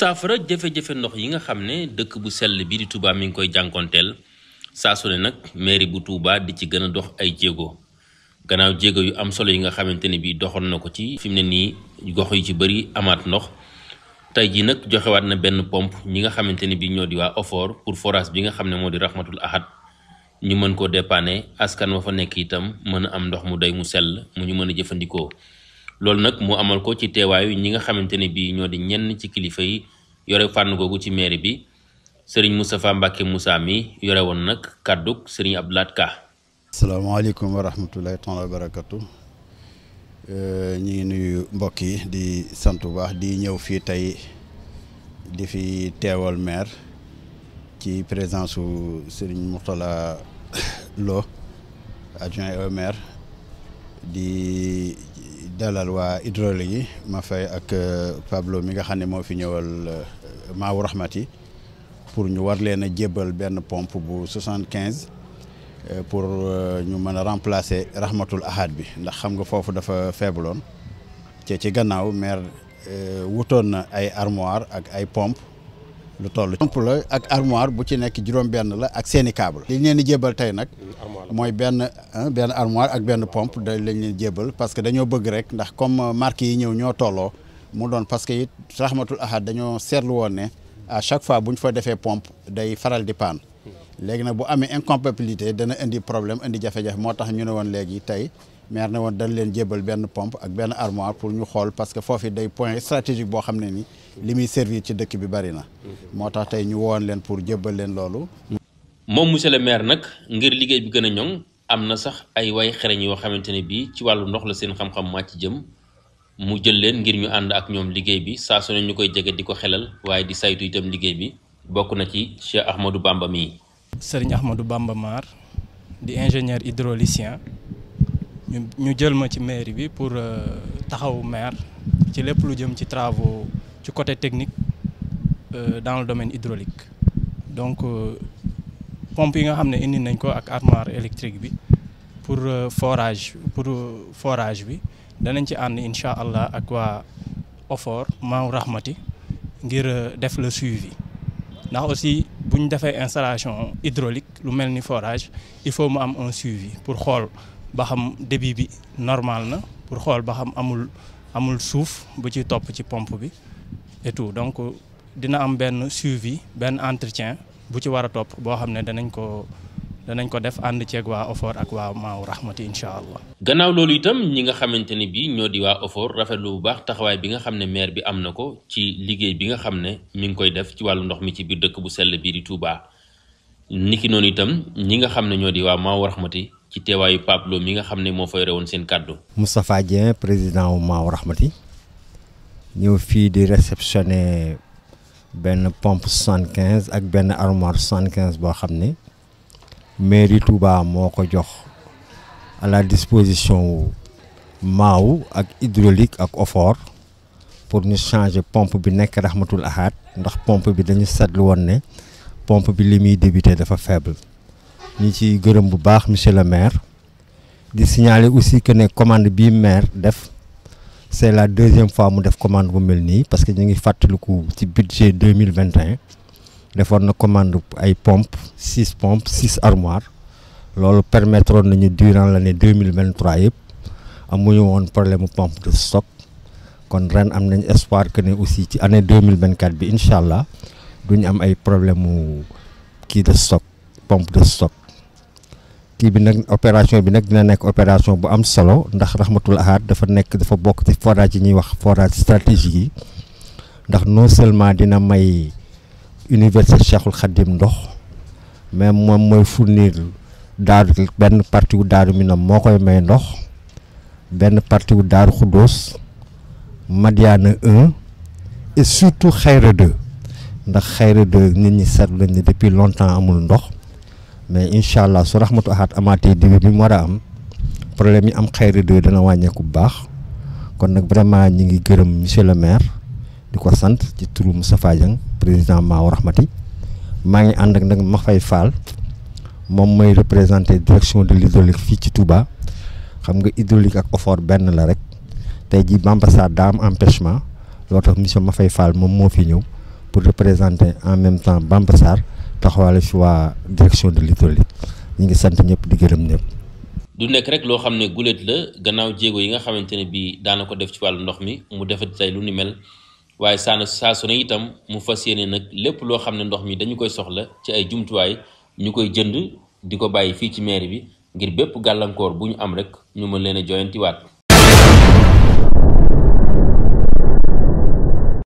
saafara jafe-jafe ndox yi nga xam ne dëkk bu sell bi di tubaab mi ngi koy jànkonteel saa su nag mairie bu Touba di ci gën a dox ay jéego gannaaw jéego yu am solo yi nga xamante ne bii doxoon na ko ci fi mu ne nii gox yu ci bëri amaat ndox tey jii nag joxewaat na benn pompe ñi nga xamante ne bii ñoo di waa OFOR pour forage bi nga xam ne moo di Rahmatul Ahad ñu mën koo dépanner askan wa fa nekk itam mën a am ndox mu doy mu sell mu ñu mën a jëfandikoo. loolu nag mu amal ko ci teewaayu ñi nga xamante ne bii ñoo di ñenn ci kilifa yi yore fànn googu ci maire bi sëriñ Moustapha Mbacke Moussa mi yore woon nag kàddug sëriñ Abdou Lahad Ka. asalaamaaleykum wa rahmatulahi taala wa barakatu euh, ñu ngi nuyu mbokk yi di sant bu baax di ñëw fii tey di fi teewal maire ci présence su sëriñ Mourtala Lo adjoint au di. dalal loi hydraulique yi ma ak euh, Pablo mi nga xam fi euh, Rahmati pour ñu war leen a jébbal pompe bu 75 euh, pour ñu remplacer Rahmatul Ahad bi ndax xam nga foofu dafa faible te ci gannaaw maire wutoon ay armoire ak ay pompe lu toll pomp la ak armoire bu ci nek juroom ben la ak seeni câble li ñu leen di jébal tey nag mm, mooy benn hein, benn armoire ak ben pompe da lañ leen jébal parce que dañoo bëgg rek ndax comme marque yi ñëw ñoo tolo mu doon parce que it rahmatul ahad dañoo seetlu woon ne à chaque fois buñ fa défé pompe day faral di paan mm. légui nak bu amé incompatibilité dana indi problème indi jafé jafé motax ñu né won légui tay maire na woon dañ leen jébbal benn pompe ak benn armoire pour ñu xool parce que foofu day point stratégique boo xam ne ni li muy servir ci dëkk bi bari na. moo tax tey ñu woon leen pour jébbal leen loolu. moom monsieur le maire nag ngir liggéey bi gën a ñoŋ am na sax ay way xereñ yoo xamante ne bii ci wàllu ndox la seen xam-xam ci jëm mu jël leen ngir ñu ànd ak ñoom liggéey bi saa su ñu koy jege di ko xelal waaye di saytu itam liggéey bi bokk na ci ci Ahmadou Bamba mii. Serigne Ahmadou Bamba Mar di ingénieur hydraulicien. ñu jël ma ci mairie bi pour euh, taxaw maire ci lépp lu jëm ci travaux ci côté technique euh, dans le domaine hydraulique donc euh, pompe yi nga xam ne indi nañ ko ak armoire électrique bi pour forage pour forage bi danañ ci ànd incha allah ak waa OFOR Maaw Rahmati ngir def le suivi ndax aussi pour ñu defee installation hydraulique lu mel forage il faut mu am un suivi pour xool. ba xam débit bi normal na pour xool ba xam amul amul suuf bu ci topp ci pomp bi et tout donc dina am benn suivi benn entretien bu ci war a topp boo xam ne danañ ko danañ ko def ànd ceeg waa OFOR ak waa Maaw Rahmati incha allah. gannaaw loolu itam ñi nga xamante ni bii ñoo di waa OFOR rafetlu bu baax taxawaay bi nga xam ne maire bi am na ko ci liggéey bi nga xam ne mi ngi koy def ci wàllu ndox mi ci biir dëkk bu sell bii di Touba. niki noonu itam ñi nga xam ne ñoo di waa Maaw Rahmati ci teewaayu Pape Lo mi nga xam ne moo yore woon seen kàddu. Moustapha Dieng président wu Maaw Rahmati ñëw fii di réceptionné benn pompe soixante quinze ak benn armoire soixante quinze boo xam ne mairie Touba moo ko jox à la disposition wu Maaw ak hydraulique ak Ofor pour ñu changer pompe bi nekk Rahmatul Ahad ndax pompe bi dañu seetlu woon ne pompe bi li muy débité dafa faible. nous ci gërëm bu baax monsieur le maire di signaler aussi que ne commande bi maire def c'est la deuxième fois mu def commande bu mel parce que nous ngi fait ci budget 2021, nous avons Nous avons na commande ay pompes 6 pompes six armoires loolu permis, nañu durant l'année 2023, de vingt trois yëpp amuñu problème pompe de stock kon ren am espoir que l'année aussi ci année 2024 bi problème de stock pompe de stock. kii bi nag opération bi nag dina nekk opération bu am solo ndax Rahmatul Ahad dafa nekk dafa bokk ci forage yi ñuy wax forage stratégique yi ndax non seulement dina may université Cheikhul Khadim ndox mais moom mooy fournir daaru benn partie wu daaru Minam moo koy may ndox benn partie wu daaru Khoudoss Madiana 1 et surtout Xayra 2 ndax Xayra 2 nit ñi seetlu nañ ne depuis longtemps amul ndox. mais incha allah su raxmatu axaat amaatee début bi mu war a am problème yi am xayri deux dana wàññeeku bu baax kon nag vraiment ñi ngi gërëm monsieur le maire di ko sant ci turu Moustapha Dieng président Maaw Rahmati maa ngi ànd ak nag ma fay faal moom mooy représenté direction de l'hydraulique fii ci Touba xam nga hydraulique ak OFOR benn la rek tey jii Bambassade daa am empêchement loo tax monsieur ma fay faal moom moo fi ñëw pour représenter en même temps Bambassade taxawaale fi waa direction de l'hydraulique ñu ngi sant ñëpp di gërëm ñëpp. du nekk rek loo xam ne guléet la gannaaw jéego yi nga xamante ne bii daana ko def ci wàllu ndox mi mu defati tey lu ni mel waaye saana saa itam mu fas yéene nag lépp loo xam ne ndox mi dañu koy soxla ci ay jumtuwaay ñu koy jënd di ko bàyyi fii ci mairie bi ngir bépp gàllankoor bu ñu am rek ñu mën leen a joyantiwaat